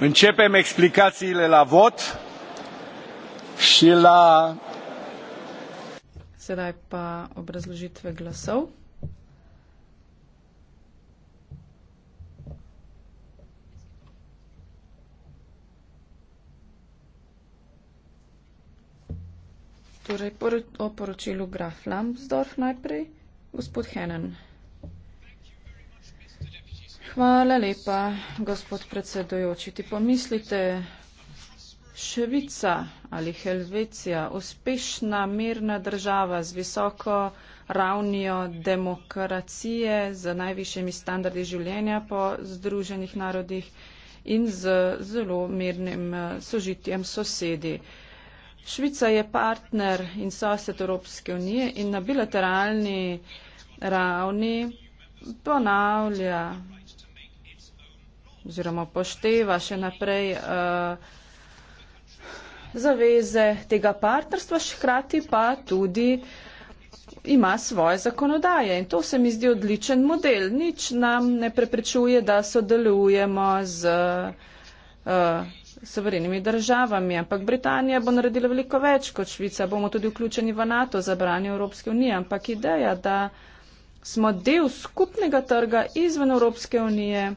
începem explicațiile la vot și la Sedaj pa obrazložitve glasov. Torej, o poročilu Graf Lambsdorff najprej, gospod Henen. Hvala lepa, gospod predsedujoči. Ti pomislite, Švica ali Helvecija, uspešna mirna država z visoko ravnjo demokracije, z najvišjimi standardi življenja po Združenih narodih in z zelo mirnim eh, sožitjem sosedi. Švica je partner in sosed Evropske unije in na bilateralni ravni ponavlja oziroma pošteva še naprej uh, zaveze tega partnerstva, škrati pa tudi ima svoje zakonodaje in to se mi zdi odličen model. Nič nam ne preprečuje, da sodelujemo z uh, eh, sovrenimi državami, ampak Britanija bo naredila veliko več kot Švica, bomo tudi vključeni v NATO za branje Evropske unije, ampak ideja, da smo del skupnega trga izven Evropske unije,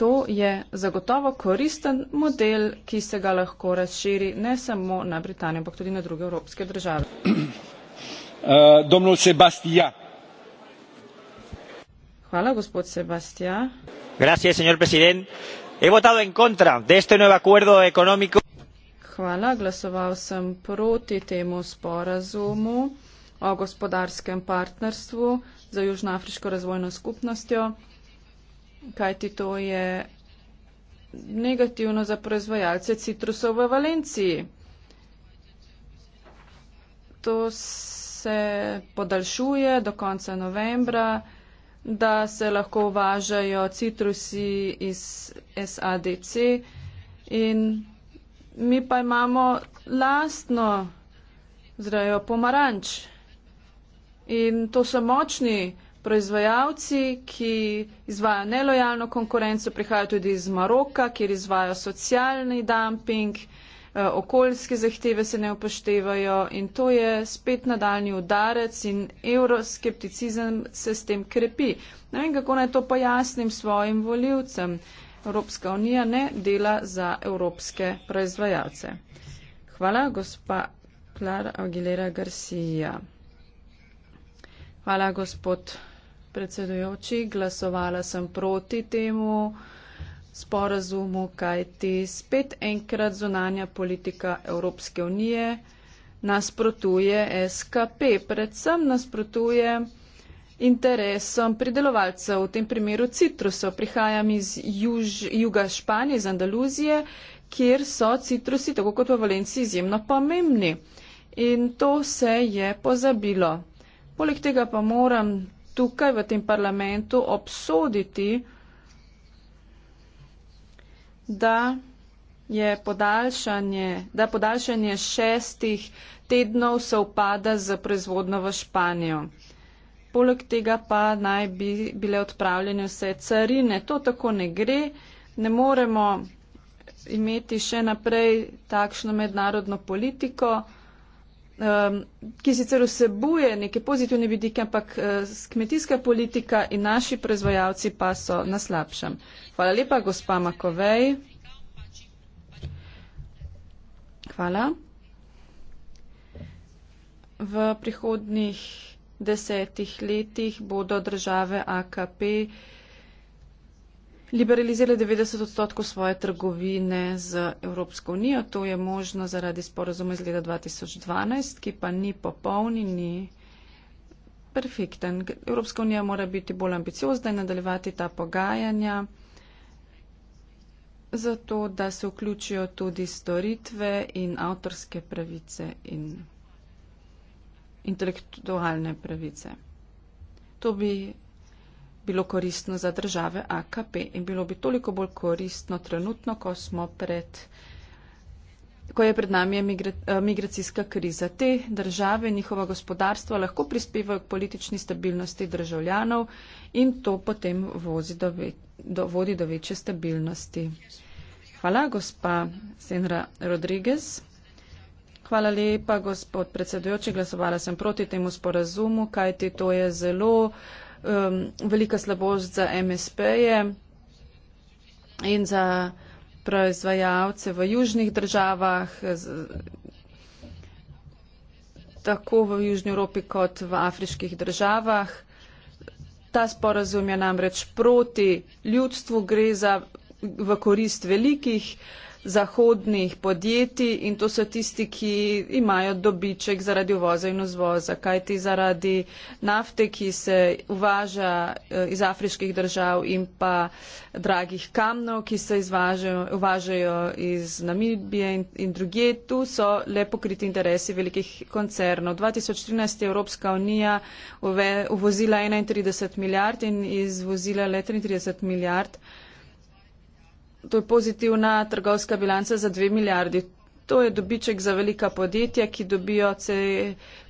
to je zagotovo koristen model, ki se ga lahko razširi ne samo na Britanijo, ampak tudi na druge evropske države. Uh, Hvala, gospod Sebastija. Gracias, señor president. He votado en contra de este nuevo acuerdo económico. Hvala, glasoval sem proti temu sporazumu o gospodarskem partnerstvu za Južnoafriško razvojno skupnostjo kajti to je negativno za proizvajalce citrusov v Valenciji. To se podaljšuje do konca novembra, da se lahko uvažajo citrusi iz SADC in mi pa imamo lastno zrajo pomaranč. In to so močni Proizvajalci, ki izvajo nelojalno konkurenco, prihajajo tudi iz Maroka, kjer izvajo socialni dumping, eh, okoljske zahteve se ne upoštevajo in to je spet nadaljni udarec in euroskepticizem se s tem krepi. Ne vem, kako naj to pojasnim svojim voljivcem. Evropska unija ne dela za evropske proizvajalce. Hvala, gospa Klara Aguilera Garcia. Hvala, gospod predsedujoči, glasovala sem proti temu sporazumu, kajti spet enkrat zunanja politika Evropske unije nasprotuje SKP, predvsem nasprotuje interesom pridelovalcev, v tem primeru citrusov. Prihajam iz juž, juga Španije, iz Andaluzije, kjer so citrusi, tako kot v Valenciji, izjemno pomembni. In to se je pozabilo. Poleg tega pa moram tukaj v tem parlamentu obsoditi, da je podaljšanje, da podaljšanje šestih tednov se upada z proizvodno v Španijo. Poleg tega pa naj bi bile odpravljene vse carine. To tako ne gre. Ne moremo imeti še naprej takšno mednarodno politiko um, ki sicer vsebuje neke pozitivne vidike, ampak uh, kmetijska politika in naši proizvajalci pa so na slabšem. Hvala lepa, gospa Makovej. Hvala. V prihodnih desetih letih bodo države AKP liberalizirali 90 odstotkov svoje trgovine z Evropsko unijo. To je možno zaradi sporozuma iz leta 2012, ki pa ni popoln in ni perfekten. Evropska unija mora biti bolj ambiciozna in nadaljevati ta pogajanja zato, da se vključijo tudi storitve in avtorske pravice in intelektualne pravice. To bi bilo koristno za države AKP in bilo bi toliko bolj koristno trenutno, ko smo pred ko je pred nami eh, migracijska kriza. Te države in njihova gospodarstva lahko prispevajo k politični stabilnosti državljanov in to potem vozi do ve, do, vodi do večje stabilnosti. Hvala, gospa Senra Rodriguez. Hvala lepa, gospod predsedujoči. Glasovala sem proti temu sporazumu, kajti to je zelo uh, um, velika slabost za MSP-je in za proizvajalce v južnih državah, z, tako v Južni Evropi kot v afriških državah. Ta sporazum je namreč proti ljudstvu, gre za v korist velikih zahodnih podjetij in to so tisti, ki imajo dobiček zaradi uvoza in vzvoza, kajti zaradi nafte, ki se uvaža eh, iz afriških držav in pa dragih kamnov, ki se izvažajo, uvažajo iz Namibije in, in druge, tu so le pokriti interesi velikih koncernov. 2013 je Evropska unija uvozila 31 milijard in izvozila le 33 milijard to je pozitivna trgovska bilanca za dve milijardi. To je dobiček za velika podjetja, ki dobijo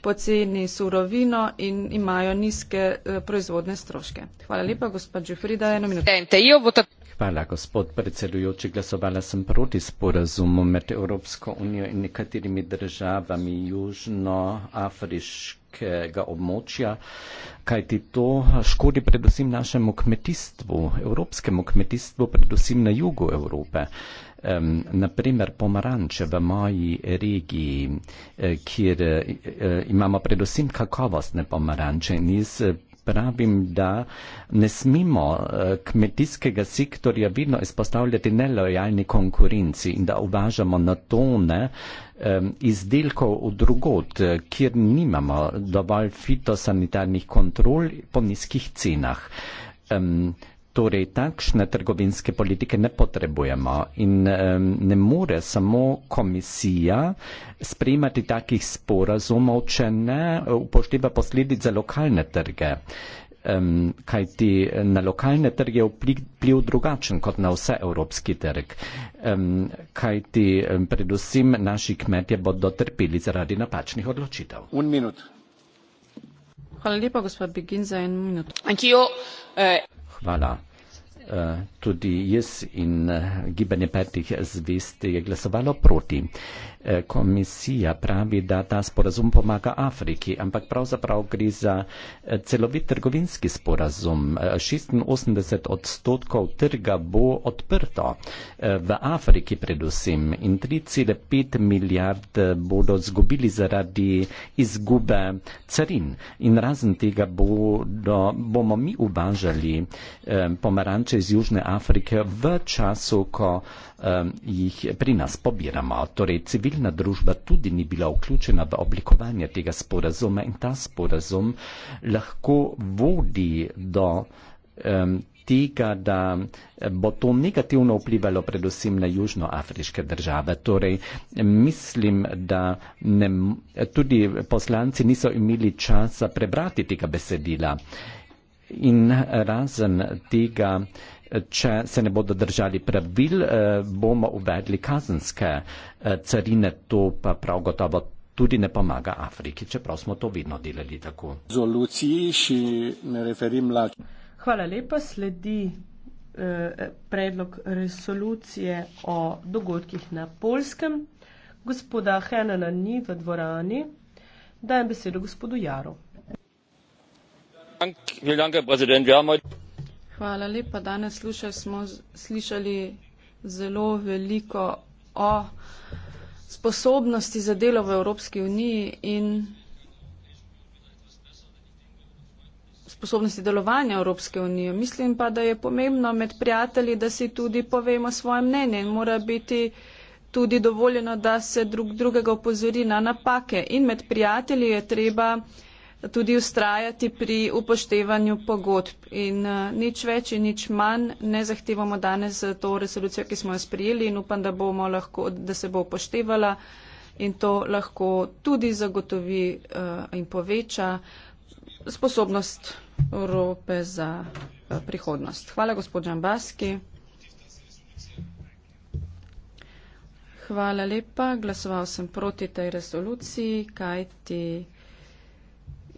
poceni surovino in imajo nizke eh, proizvodne stroške. Hvala lepa, gospod Džufrida, eno minuto. Hvala, gospod predsedujoči. Glasovala sem proti sporazumu med Evropsko unijo in nekaterimi državami južnoafriškega območja, kajti to škodi predvsem našemu kmetijstvu, evropskemu kmetijstvu, predvsem na jugu Evrope. Um, naprimer pomaranče v moji regiji, eh, kjer eh, imamo predvsem kakovostne pomaranče in iz eh, pravim, da ne smemo eh, kmetijskega sektorja vedno izpostavljati nelojalni konkurenci in da uvažamo na tone izdelkov v drugot, kjer nimamo dovolj fitosanitarnih kontrol po nizkih cenah. Torej, takšne trgovinske politike ne potrebujemo in um, ne more samo komisija sprejemati takih sporazumov, če ne upošteva posledic za lokalne trge. Um, kaj ti na lokalne trge je vpliv drugačen kot na vse evropski trg. Um, kaj ti um, predvsem naši kmetje bodo trpeli zaradi napačnih odločitev. Hvala lepa, gospod Begin, za en minut hvala. Eh, tudi jaz in eh, gibanje petih zvest je glasovalo proti. Eh, komisija pravi, da ta sporazum pomaga Afriki, ampak pravzaprav gre za eh, celovit trgovinski sporazum. 86 eh, odstotkov trga bo odprto v Afriki predvsem in 3,5 milijard bodo zgubili zaradi izgube carin. In razen tega bodo, bomo mi uvažali pomaranče iz Južne Afrike v času, ko jih pri nas pobiramo. Torej, civilna družba tudi ni bila vključena v oblikovanje tega sporazuma in ta sporazum lahko vodi do um, tega, da bo to negativno vplivalo predvsem na južnoafriške države. Torej, mislim, da ne, tudi poslanci niso imeli časa prebrati tega besedila. In razen tega, če se ne bodo držali pravil, eh, bomo uvedli kazenske eh, carine, to pa prav gotovo tudi ne pomaga Afriki, čeprav smo to vedno delali tako. Hvala lepa, sledi eh, predlog resolucije o dogodkih na Polskem. Gospoda Henana ni v dvorani. Dajem besedo gospodu Jaru. Hvala lepa. Danes slušali smo slišali zelo veliko o sposobnosti za delo v Evropski uniji in sposobnosti delovanja Evropske unije. Mislim pa, da je pomembno med prijatelji, da si tudi povemo svoje mnenje in mora biti tudi dovoljeno, da se drug drugega opozori na napake. In med prijatelji je treba tudi ustrajati pri upoštevanju pogodb. In uh, nič več in nič manj ne zahtevamo danes za to resolucijo, ki smo jo sprijeli in upam, da, lahko, da se bo upoštevala in to lahko tudi zagotovi uh, in poveča sposobnost Evrope za uh, prihodnost. Hvala, gospod Džambaski. Hvala lepa. Glasoval sem proti tej resoluciji, kajti.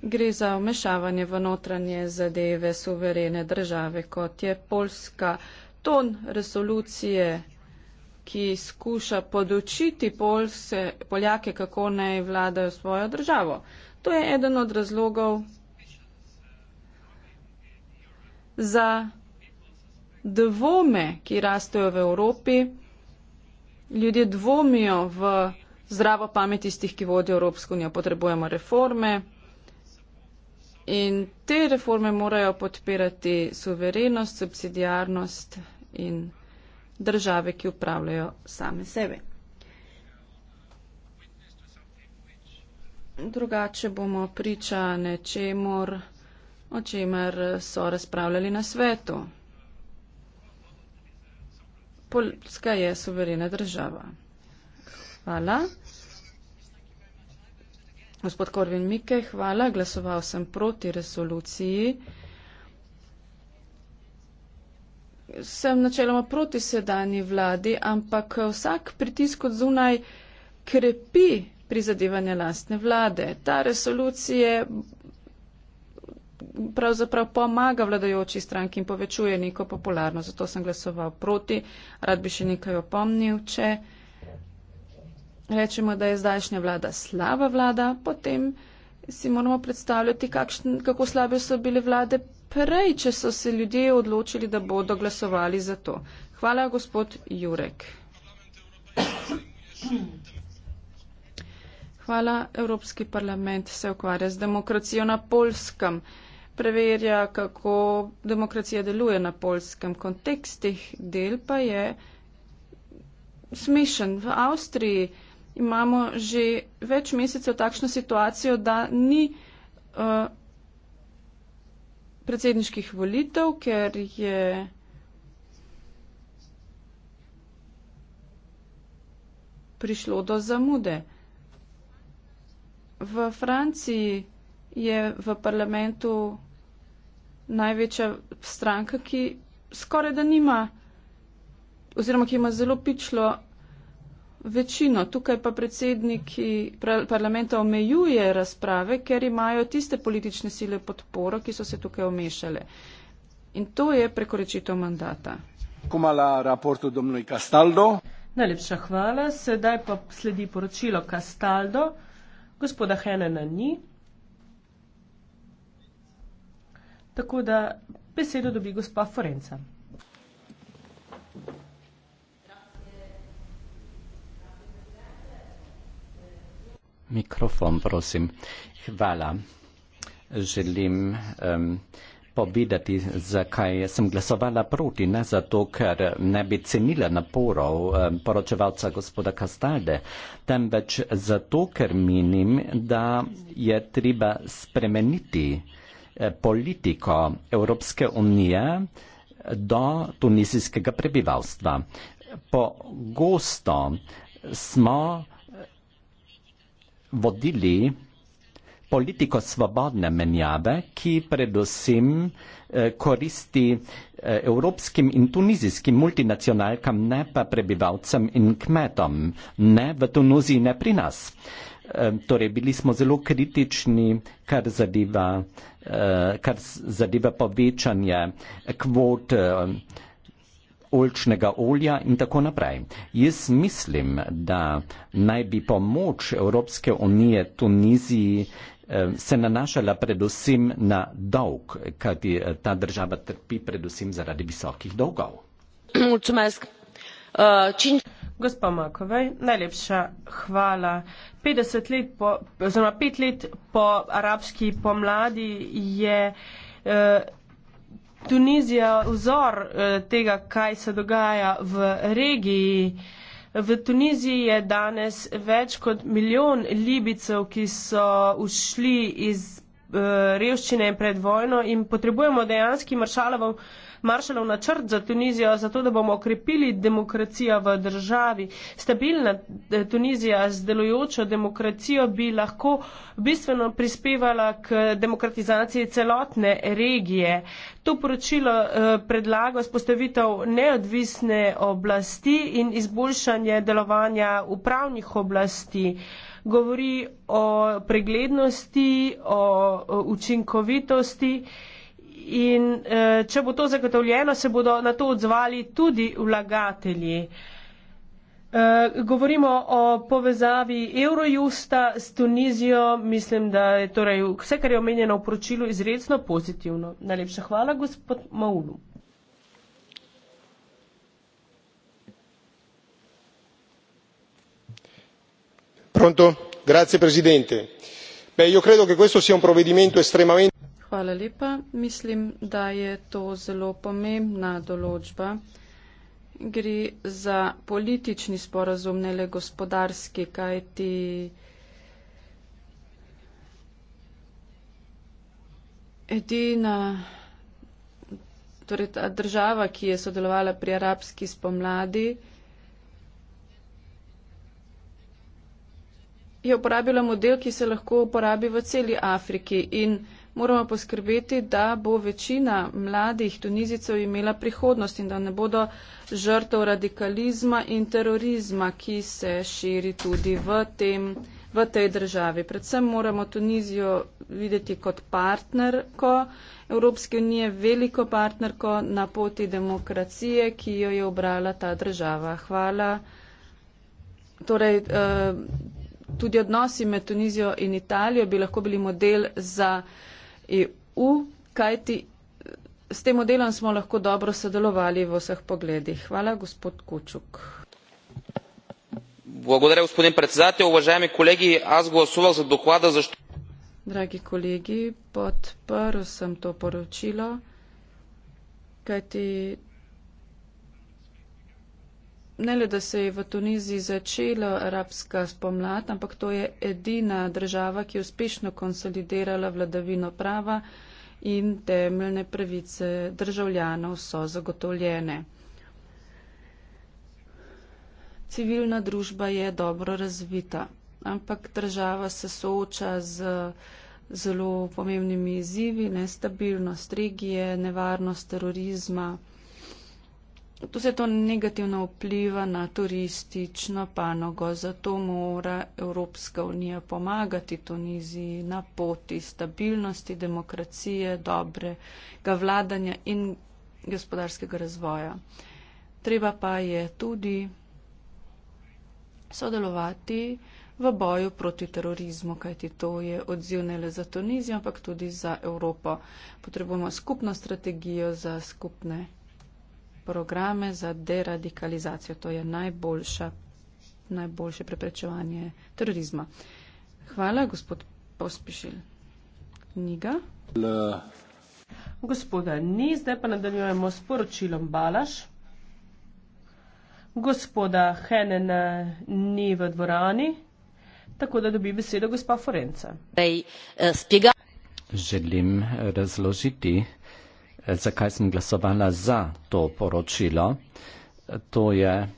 Gre za vmešavanje v notranje zadeve suverene države, kot je Poljska. Ton resolucije, ki skuša podočiti Poljse, Poljake, kako naj vladajo svojo državo. To je eden od razlogov za dvome, ki rastejo v Evropi. Ljudje dvomijo v zdravo pamet tistih, ki vodijo Evropsko unijo. Potrebujemo reforme. In te reforme morajo podpirati suverenost, subsidijarnost in države, ki upravljajo same sebe. Drugače bomo priča nečemor, o čemer so razpravljali na svetu. Poljska je suverena država. Hvala. Gospod Korvin Mike, hvala. Glasoval sem proti resoluciji. Sem načeloma proti sedanji vladi, ampak vsak pritisk od zunaj krepi prizadevanje lastne vlade. Ta resolucija pravzaprav pomaga vladajoči stranki in povečuje neko popularnost. Zato sem glasoval proti. Rad bi še nekaj opomnil, če rečemo, da je zdajšnja vlada slaba vlada, potem si moramo predstavljati, kakšen, kako slabe so bile vlade prej, če so se ljudje odločili, da bodo glasovali za to. Hvala, gospod Jurek. Hvala, Evropski parlament se ukvarja z demokracijo na polskem, preverja, kako demokracija deluje na polskem. Kontekst teh del pa je smešen. V Avstriji imamo že več mesecev takšno situacijo, da ni uh, predsedniških volitev, ker je. prišlo do zamude. V Franciji je v parlamentu največja stranka, ki skoraj da nima oziroma ki ima zelo pičlo večino. Tukaj pa predsedniki parlamenta omejuje razprave, ker imajo tiste politične sile podporo, ki so se tukaj omešale. In to je prekoračitev mandata. Najlepša hvala. Sedaj pa sledi poročilo Castaldo. Gospoda Henena ni. Tako da besedo dobi gospa Forenca. Mikrofon, prosim. Hvala. Želim um, povedati, zakaj sem glasovala proti. Ne zato, ker ne bi cenila naporov um, poročevalca gospoda Kastalde, temveč zato, ker menim, da je treba spremeniti eh, politiko Evropske unije do tunizijskega prebivalstva. Pogosto smo vodili politiko svobodne menjave, ki predvsem eh, koristi eh, evropskim in tunizijskim multinacionalkam, ne pa prebivalcem in kmetom, ne v Tunoziji, ne pri nas. Eh, torej bili smo zelo kritični, kar zadeva, kar zadeva povečanje kvot oljčnega olja in tako naprej. Jaz mislim, da naj bi pomoč Evropske unije Tuniziji eh, se nanašala predvsem na dolg, kajti eh, ta država trpi predvsem zaradi visokih dolgov. Mulčmesk. Eh, Gospa Makovej, najlepša hvala. 50 let po, oziroma 5 let po arabski pomladi je Tunizija vzor eh, tega, kaj se dogaja v regiji. V Tuniziji je danes več kot milijon libicev, ki so ušli iz eh, revščine pred vojno in potrebujemo dejanski maršalovo Maršalov načrt za Tunizijo, zato da bomo okrepili demokracijo v državi. Stabilna eh, Tunizija z delujočo demokracijo bi lahko bistveno prispevala k demokratizaciji celotne regije. To poročilo eh, predlaga spostavitev neodvisne oblasti in izboljšanje delovanja upravnih oblasti. Govori o preglednosti, o učinkovitosti. In eh, če bo to zagotovljeno, se bodo na to odzvali tudi vlagatelji. Eh, govorimo o povezavi Eurojusta s Tunizijo. Mislim, da je torej vse, kar je omenjeno v poročilu, izredno pozitivno. Najlepša hvala, gospod Maulu. Pronto? Grazie, Presidente. Beh, io credo che questo sia un provvedimento estremamente. Hvala lepa. Mislim, da je to zelo pomembna določba. Gre za politični sporazum, ne le gospodarski, kajti edina torej država, ki je sodelovala pri arabski spomladi, je uporabila model, ki se lahko uporabi v celi Afriki. In moramo poskrbeti, da bo večina mladih tunizicev imela prihodnost in da ne bodo žrtev radikalizma in terorizma, ki se širi tudi v, tem, v tej državi. Predvsem moramo Tunizijo videti kot partnerko Evropske unije, veliko partnerko na poti demokracije, ki jo je obrala ta država. Hvala. Torej, eh, tudi odnosi med Tunizijo in Italijo bi lahko bili model za. EU, kajti eh, s tem modelom smo lahko dobro sodelovali v vseh pogledih. Hvala, gospod Kučuk. Благодаря, господин председател. Уважаеми колеги, аз гласувах за доклада, защото. Драги колеги, подпърл съм то поручило, като ne le, da se je v Tuniziji začela arabska spomlad, ampak to je edina država, ki je uspešno konsolidirala vladavino prava in temeljne pravice državljanov so zagotovljene. Civilna družba je dobro razvita, ampak država se sooča z zelo pomembnimi izzivi, nestabilnost regije, nevarnost terorizma vse to negativno vpliva na turistično panogo, zato mora Evropska unija pomagati Tuniziji na poti stabilnosti, demokracije, dobrega vladanja in gospodarskega razvoja. Treba pa je tudi sodelovati v boju proti terorizmu, kajti to je odziv ne le za Tunizijo, ampak tudi za Evropo. Potrebujemo skupno strategijo za skupne programe za deradikalizacijo. To je najboljša, najboljše preprečevanje terorizma. Hvala, gospod Pospišil. Niga. Le. Gospoda ni, zdaj pa nadaljujemo s poročilom Balaš. Gospoda Henen ni v dvorani, tako da dobi besedo gospa Forenca. Eh, Želim razložiti, zakaj sem glasovala za to poročilo. To je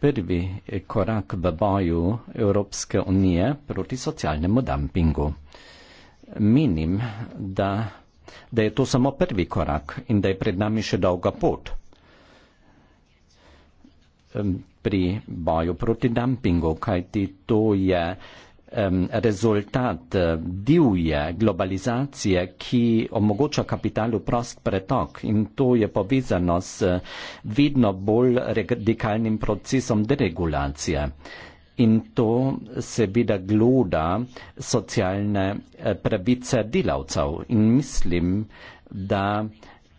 prvi korak v boju Evropske unije proti socialnemu dumpingu. Menim, da, da je to samo prvi korak in da je pred nami še dolga pot pri boju proti dumpingu, kajti to je rezultat eh, divje globalizacije, ki omogoča kapitalu prost pretok in to je povezano s eh, vidno bolj radikalnim procesom deregulacije. In to seveda gluda socialne eh, pravice delavcev. In mislim, da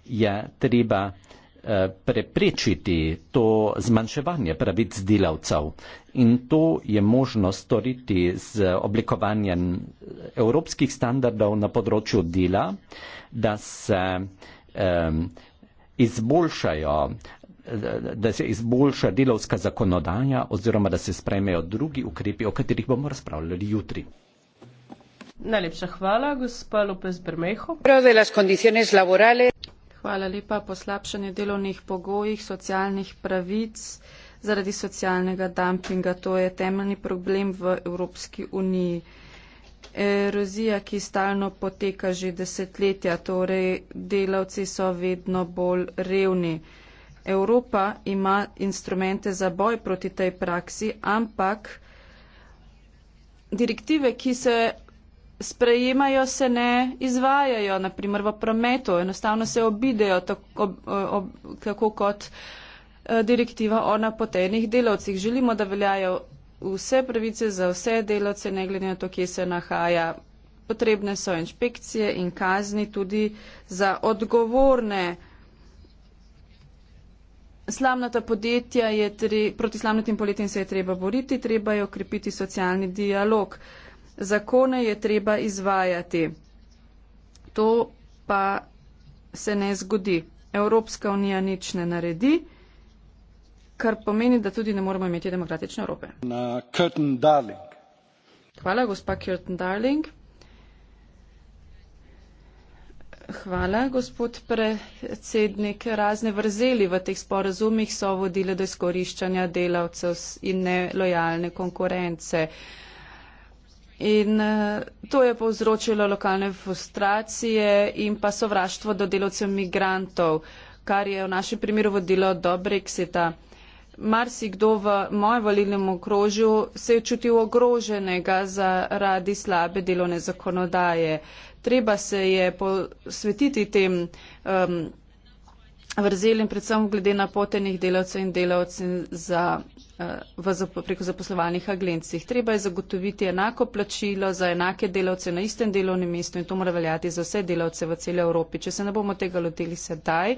je treba Eh, preprečiti to zmanjševanje pravic delavcev. In to je možno storiti z oblikovanjem evropskih standardov na področju dela, da se eh, izboljšajo da se izboljša delovska zakonodaja oziroma da se spremejo drugi ukrepi, o katerih bomo razpravljali jutri. Najlepša hvala, gospa Lopez Bermejo. Hvala lepa. Poslabšanje delovnih pogojih, socialnih pravic zaradi socialnega dumpinga. To je temeljni problem v Evropski uniji. Erozija, ki stalno poteka že desetletja, torej delavci so vedno bolj revni. Evropa ima instrumente za boj proti tej praksi, ampak direktive, ki se sprejemajo, se ne izvajajo, naprimer v prometu, enostavno se obidejo, tako, ob, ob, tako kot eh, direktiva o napotenih delavcih. Želimo, da veljajo vse pravice za vse delavce, ne glede na to, kje se nahaja. Potrebne so inšpekcije in kazni tudi za odgovorne. Slamnata podjetja je tri, proti slamnatim poletjem se je treba boriti, treba je okrepiti socialni dialog. Uh, zakone je treba izvajati. To pa se ne zgodi. Evropska unija nič ne naredi, kar pomeni, da tudi ne moremo imeti demokratične Evrope. Hvala, gospa Curtin Darling. Hvala, gospod predsednik. Razne vrzeli v teh sporazumih so vodile do izkoriščanja delavcev in nelojalne konkurence. Uh, In eh, to je povzročilo lokalne frustracije in pa sovraštvo do delovcev migrantov, kar je v našem primeru vodilo do Brexita. Marsikdo v mojem volilnem okrožju se je čutil ogroženega zaradi slabe delovne zakonodaje. Treba se je posvetiti tem um, vrzel in predvsem glede napotenih delavcev in delavcev za, eh, v, preko zaposlovalnih agencij. Treba je zagotoviti enako plačilo za enake delavce na istem delovnem mestu in to mora veljati za vse delavce v celi Evropi. Če se ne bomo tega lotili sedaj,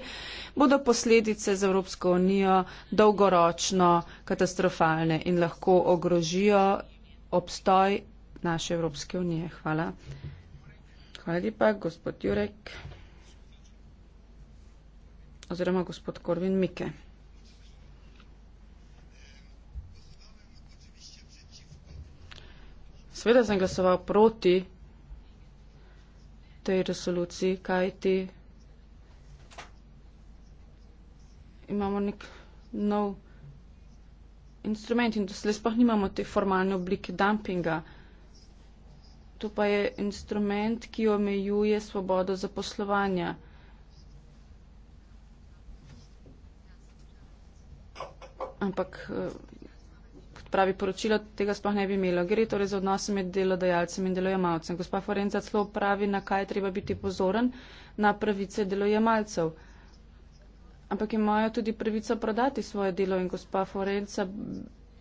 bodo posledice za Evropsko unijo dolgoročno katastrofalne in lahko ogrožijo obstoj naše Evropske unije. Hvala. Hvala lepa, gospod Jurek oziroma gospod Korvin Mike. Sveda sem glasoval proti tej resoluciji, kajti imamo nek nov instrument in doslej sploh nimamo te formalne oblike dumpinga. To pa je instrument, ki omejuje svobodo zaposlovanja. ampak eh, kot pravi poročilo, tega sploh ne bi imelo. Gre torej za odnose med delodajalcem in delojemalcem. Gospa Forenca celo pravi, na kaj je treba biti pozoren, na pravice delojemalcev. Ampak imajo tudi pravico prodati svoje delo in gospa Forenca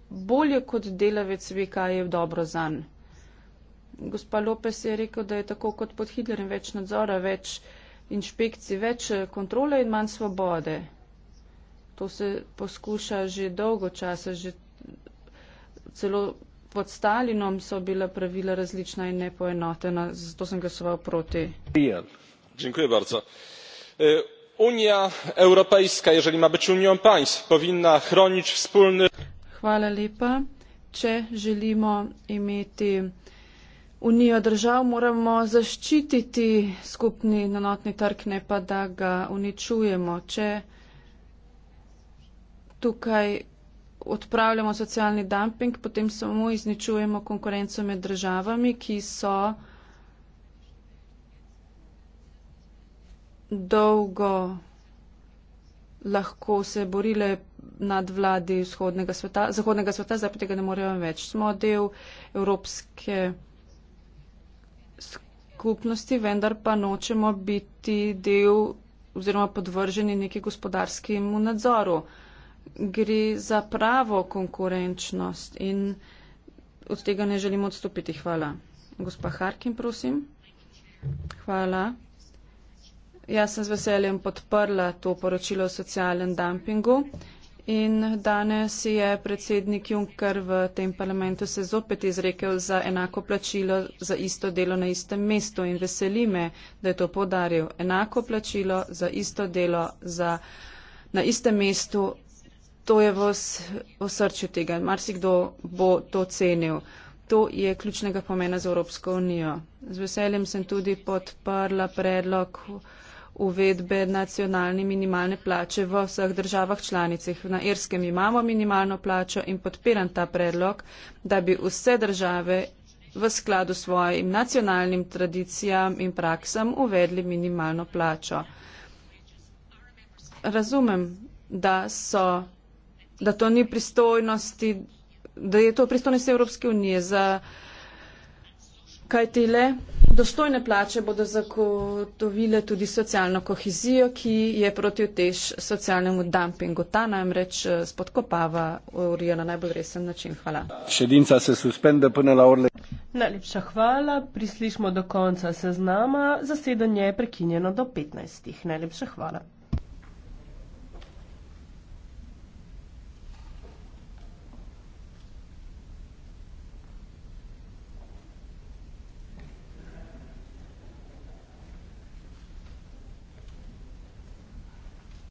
bolje kot delavec ve, kaj je dobro zanj. Gospa Lopes je rekel, da je tako kot pod Hitlerjem več nadzora, več inšpekcij, več eh, kontrole in manj svobode to se poskuša že dolgo časa, že celo pod Stalinom so bila pravila različna in nepoenotena, zato sem glasoval proti. Dziękuję bardzo. E, Unia Europejska, jeżeli ma być Unią państw, powinna chronić wspólny. Hvala lepa. Če želimo imeti Unijo držav, moramo zaščititi skupni enotni trg, ne pa da ga uničujemo. Če tukaj odpravljamo socialni dumping, potem samo izničujemo konkurenco med državami, ki so dolgo lahko se borile nad vladi vzhodnega sveta, zahodnega sveta, zdaj pa tega ne morejo več. Smo del evropske skupnosti, vendar pa nočemo biti del oziroma podvrženi neki gospodarskemu nadzoru. Uh, gre za pravo konkurenčnost in od tega ne želimo odstopiti. Hvala. Gospa Harkin, prosim. Hvala. Jaz sem z veseljem podprla to poročilo o socialnem dampingu in danes je predsednik Juncker v tem parlamentu se zopet izrekel za enako plačilo za isto delo na istem mestu in veseli me, da je to podaril enako plačilo za isto delo za, na istem mestu to je v, v srcu tega. Marsikdo bo to cenil. To je ključnega pomena za Evropsko unijo. Z veseljem sem tudi podprla predlog uvedbe nacionalne minimalne plače v vseh državah članicah. Na Irskem imamo minimalno plačo in podpiram ta predlog, da bi vse države v skladu s svojim nacionalnim tradicijam in praksam uvedli minimalno plačo. Razumem, da so da to ni pristojnosti, da je to pristojnost Evropske unije. Za, kaj ti le? Dostojne plače bodo zagotovile tudi socialno kohezijo, ki je proti otež socialnemu dumpingu. Ta namreč eh, spodkopava urijo na najbolj resen način. Hvala. Šedinca se suspende, ponela Orle. Najlepša hvala. Prislišmo do konca seznama. Zasedanje je prekinjeno do 15. Najlepša hvala.